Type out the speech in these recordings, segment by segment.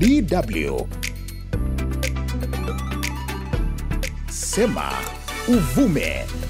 DW Sema Uvume.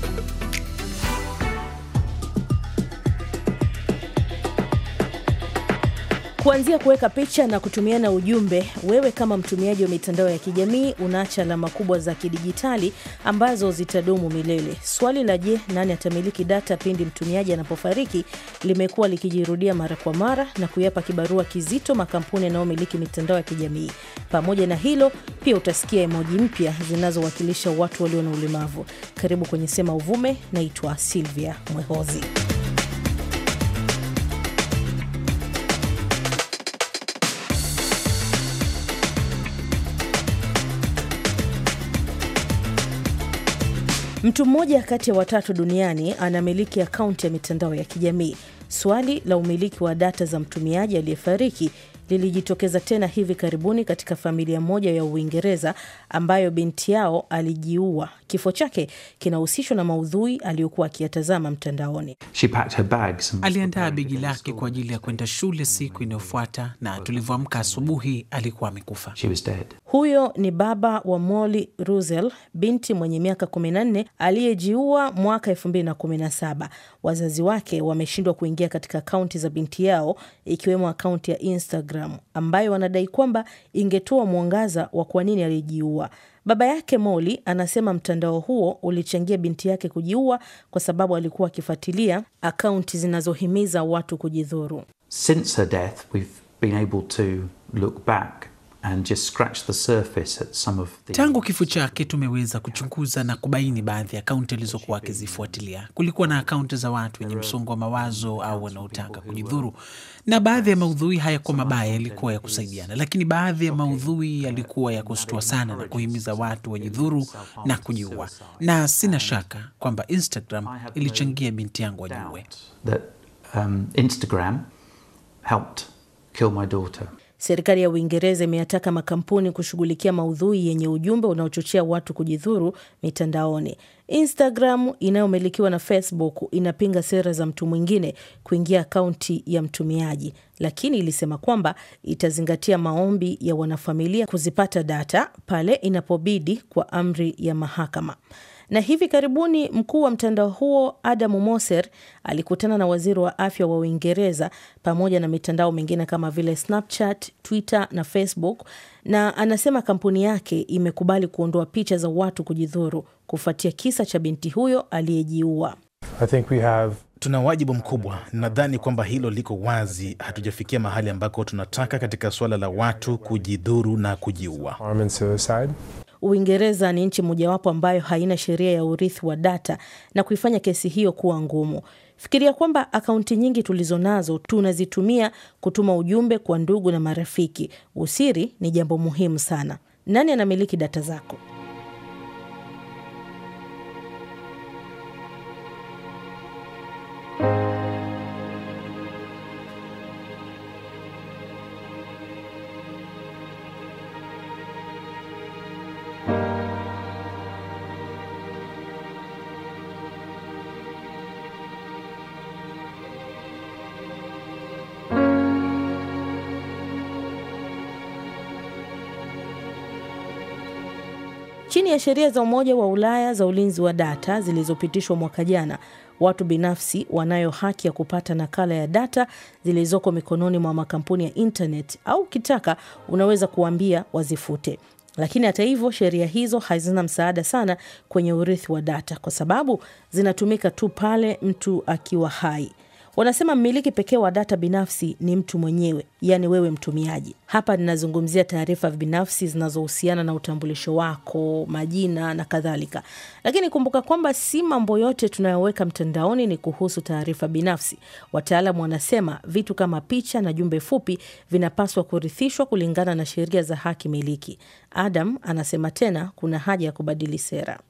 kuanzia kuweka picha na kutumiana ujumbe. Wewe kama mtumiaji wa mitandao ya kijamii unaacha alama kubwa za kidijitali ambazo zitadumu milele. Swali la je, nani atamiliki data pindi mtumiaji anapofariki limekuwa likijirudia mara kwa mara na kuyapa kibarua kizito makampuni yanayomiliki mitandao ya kijamii. Pamoja na hilo, pia utasikia emoji mpya zinazowakilisha watu walio na ulemavu. Karibu kwenye Sema Uvume. Naitwa Silvia Mwehozi. Mtu mmoja kati ya watatu duniani anamiliki akaunti ya mitandao ya kijamii. Swali la umiliki wa data za mtumiaji aliyefariki lilijitokeza tena hivi karibuni katika familia moja ya Uingereza ambayo binti yao alijiua Kifo chake kinahusishwa na maudhui aliyokuwa akiyatazama mtandaoni. Aliandaa begi lake kwa ajili ya kwenda shule siku inayofuata, na tulivyoamka asubuhi alikuwa amekufa. Huyo ni baba wa Molly Russell, binti mwenye miaka 14 aliyejiua mwaka 2017. Wazazi wake wameshindwa kuingia katika akaunti za binti yao, ikiwemo akaunti ya Instagram ambayo wanadai kwamba ingetoa mwangaza wa kwa nini alijiua. Baba yake Moli anasema mtandao huo ulichangia binti yake kujiua kwa sababu alikuwa akifuatilia akaunti zinazohimiza watu kujidhuru. Since her death we've been able to look back And just scratch the surface at some of the... Tangu kifo chake tumeweza kuchunguza na kubaini baadhi ya akaunti alizokuwa akizifuatilia. Kulikuwa na akaunti za watu wenye msongo wa mawazo au wanaotaka kujidhuru, na baadhi ya maudhui hayakuwa mabaya, yalikuwa ya kusaidiana, lakini baadhi ya maudhui yalikuwa ya kustua sana na kuhimiza watu wajidhuru na kujiua, na sina shaka kwamba Instagram ilichangia binti yangu ajiue. um, Instagram helped kill my daughter. Serikali ya Uingereza imeyataka makampuni kushughulikia maudhui yenye ujumbe unaochochea watu kujidhuru mitandaoni. Instagram inayomilikiwa na Facebook inapinga sera za mtu mwingine kuingia akaunti ya mtumiaji, lakini ilisema kwamba itazingatia maombi ya wanafamilia kuzipata data pale inapobidi kwa amri ya mahakama. Na hivi karibuni mkuu wa mtandao huo Adamu Moser alikutana na waziri wa afya wa Uingereza pamoja na mitandao mingine kama vile Snapchat, Twitter na Facebook, na anasema kampuni yake imekubali kuondoa picha za watu kujidhuru kufuatia kisa cha binti huyo aliyejiua. Tuna wajibu mkubwa. Nadhani kwamba hilo liko wazi. Hatujafikia mahali ambako tunataka katika suala la watu kujidhuru na kujiua. Uingereza ni nchi mojawapo ambayo haina sheria ya urithi wa data na kuifanya kesi hiyo kuwa ngumu. Fikiria kwamba akaunti nyingi tulizonazo tunazitumia kutuma ujumbe kwa ndugu na marafiki. Usiri ni jambo muhimu sana. Nani anamiliki data zako? Chini ya sheria za Umoja wa Ulaya za ulinzi wa data zilizopitishwa mwaka jana, watu binafsi wanayo haki ya kupata nakala ya data zilizoko mikononi mwa makampuni ya internet, au kitaka unaweza kuambia wazifute. Lakini hata hivyo, sheria hizo hazina msaada sana kwenye urithi wa data, kwa sababu zinatumika tu pale mtu akiwa hai. Wanasema mmiliki pekee wa data binafsi ni mtu mwenyewe, yaani wewe mtumiaji. Hapa ninazungumzia taarifa binafsi zinazohusiana na utambulisho wako, majina na kadhalika, lakini kumbuka kwamba si mambo yote tunayoweka mtandaoni ni kuhusu taarifa binafsi. Wataalamu wanasema vitu kama picha na jumbe fupi vinapaswa kurithishwa kulingana na sheria za haki miliki. Adam anasema tena kuna haja ya kubadili sera.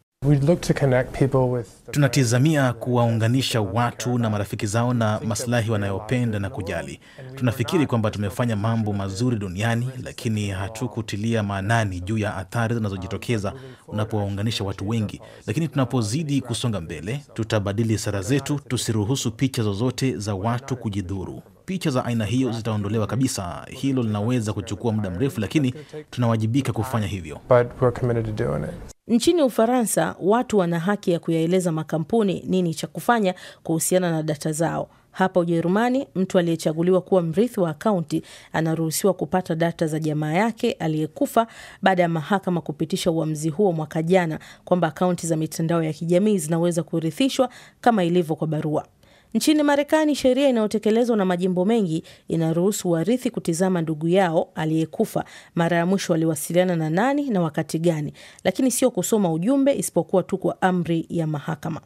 Tunatizamia kuwaunganisha watu na marafiki zao na masilahi wanayopenda na kujali. Tunafikiri kwamba tumefanya mambo mazuri duniani, lakini hatukutilia maanani juu ya uh, athari uh, zinazojitokeza unapowaunganisha watu wengi. Lakini tunapozidi kusonga mbele, tutabadili sera uh, zetu, tusiruhusu picha zozote za watu kujidhuru picha za aina hiyo zitaondolewa kabisa. Hilo linaweza kuchukua muda mrefu, lakini tunawajibika kufanya hivyo. Nchini Ufaransa, watu wana haki ya kuyaeleza makampuni nini cha kufanya kuhusiana na data zao. Hapa Ujerumani, mtu aliyechaguliwa kuwa mrithi wa akaunti anaruhusiwa kupata data za jamaa yake aliyekufa baada ya mahakama kupitisha uamuzi huo mwaka jana kwamba akaunti za mitandao ya kijamii zinaweza kurithishwa kama ilivyo kwa barua. Nchini Marekani, sheria inayotekelezwa na majimbo mengi inaruhusu warithi kutizama ndugu yao aliyekufa mara ya mwisho aliwasiliana na nani na wakati gani, lakini sio kusoma ujumbe, isipokuwa tu kwa amri ya mahakama.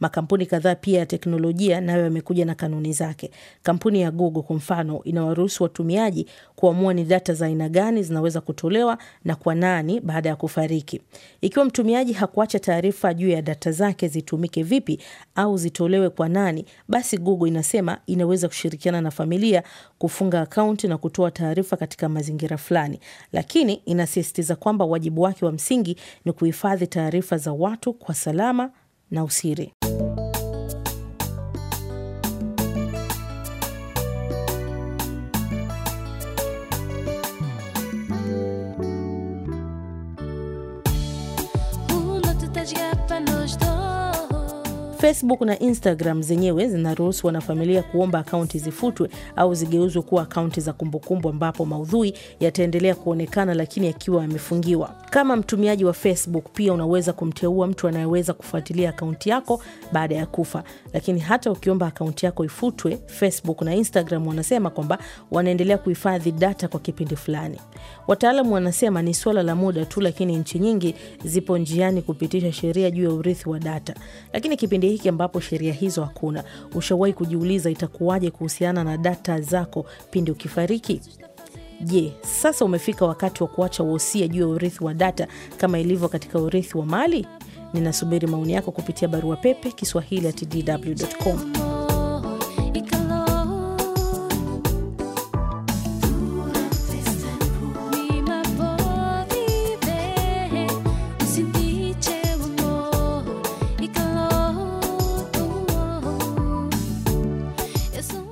Makampuni kadhaa pia ya teknolojia nayo yamekuja na kanuni zake. Kampuni ya Google kwa mfano inawaruhusu watumiaji kuamua ni data za aina gani zinaweza kutolewa na kwa nani baada ya kufariki. Ikiwa mtumiaji hakuacha taarifa juu ya data zake zitumike vipi au zitolewe kwa nani, basi Google inasema inaweza kushirikiana na familia kufunga akaunti na kutoa taarifa katika mazingira fulani, lakini inasisitiza kwamba wajibu wake wa msingi ni kuhifadhi taarifa za watu kwa salama na usiri. Facebook na Instagram zenyewe zinaruhusu wanafamilia kuomba akaunti zifutwe au zigeuzwe kuwa akaunti za kumbukumbu, ambapo maudhui yataendelea kuonekana lakini akiwa yamefungiwa. Kama mtumiaji wa Facebook, pia unaweza kumteua mtu anayeweza kufuatilia akaunti yako baada ya kufa. Lakini hata ukiomba akaunti yako ifutwe, Facebook na Instagram wanasema kwamba wanaendelea kuhifadhi data kwa kipindi fulani. Wataalamu wanasema ni suala la muda tu, lakini nchi nyingi zipo njiani kupitisha sheria juu ya urithi wa data, lakini kipindi hiki ambapo sheria hizo hakuna. Ushawahi kujiuliza itakuwaje kuhusiana na data zako pindi ukifariki? Je, sasa umefika wakati wa kuacha wosia juu ya urithi wa data kama ilivyo katika urithi wa mali? Ninasubiri maoni yako kupitia barua pepe kiswahili at dw.com.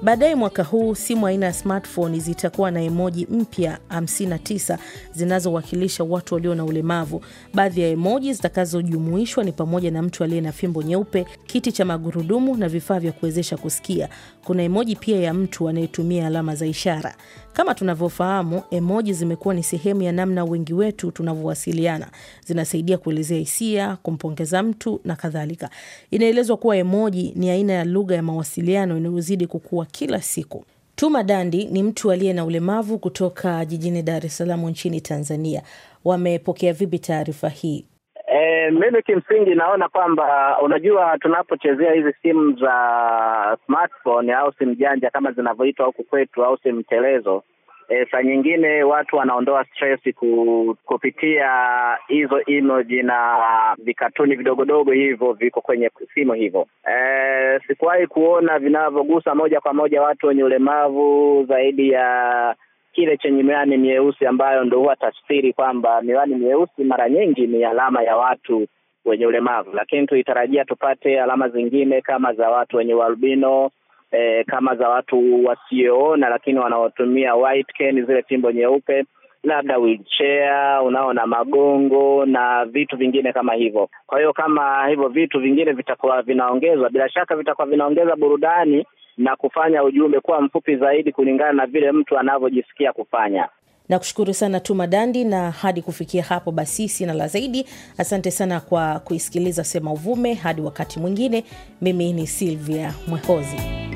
Baadaye mwaka huu simu aina ya smartphone zitakuwa na emoji mpya 59 zinazowakilisha watu walio na ulemavu. Baadhi ya emoji zitakazojumuishwa ni pamoja na mtu aliye na fimbo nyeupe, kiti cha magurudumu na vifaa vya kuwezesha kusikia. Kuna emoji pia ya mtu anayetumia alama za ishara. Kama tunavyofahamu, emoji zimekuwa ni sehemu ya namna wengi wetu tunavyowasiliana. Zinasaidia kuelezea hisia, kumpongeza mtu na kadhalika. Inaelezwa kuwa emoji ni aina ya lugha ya mawasiliano inayozidi kukua kila siku. Tuma Dandi ni mtu aliye na ulemavu kutoka jijini Dar es Salaam nchini Tanzania. Wamepokea vipi taarifa hii? mimi kimsingi naona kwamba unajua, tunapochezea hizi simu za smartphone au simu janja kama zinavyoitwa huku kwetu au simu telezo E, eh, saa nyingine watu wanaondoa stress ku, kupitia hizo emoji na vikatuni vidogodogo hivyo viko kwenye simu hivyo. E, sikuwahi kuona vinavyogusa moja kwa moja watu wenye ulemavu zaidi ya kile chenye miwani mieusi, ambayo ndo huwa tafsiri kwamba miwani mieusi mara nyingi ni alama ya watu wenye ulemavu, lakini tulitarajia tupate alama zingine kama za watu wenye ualbino eh, kama za watu wasioona lakini wanaotumia white cane, zile timbo nyeupe labda wheelchair, unaona magongo na vitu vingine kama hivyo. Kwa hiyo kama hivyo vitu vingine vitakuwa vinaongezwa, bila shaka vitakuwa vinaongeza burudani na kufanya ujumbe kuwa mfupi zaidi kulingana na vile mtu anavyojisikia kufanya. Nakushukuru sana Tuma Dandi, na hadi kufikia hapo basi sina la zaidi. Asante sana kwa kuisikiliza Sema Uvume. Hadi wakati mwingine, mimi ni Silvia Mwehozi.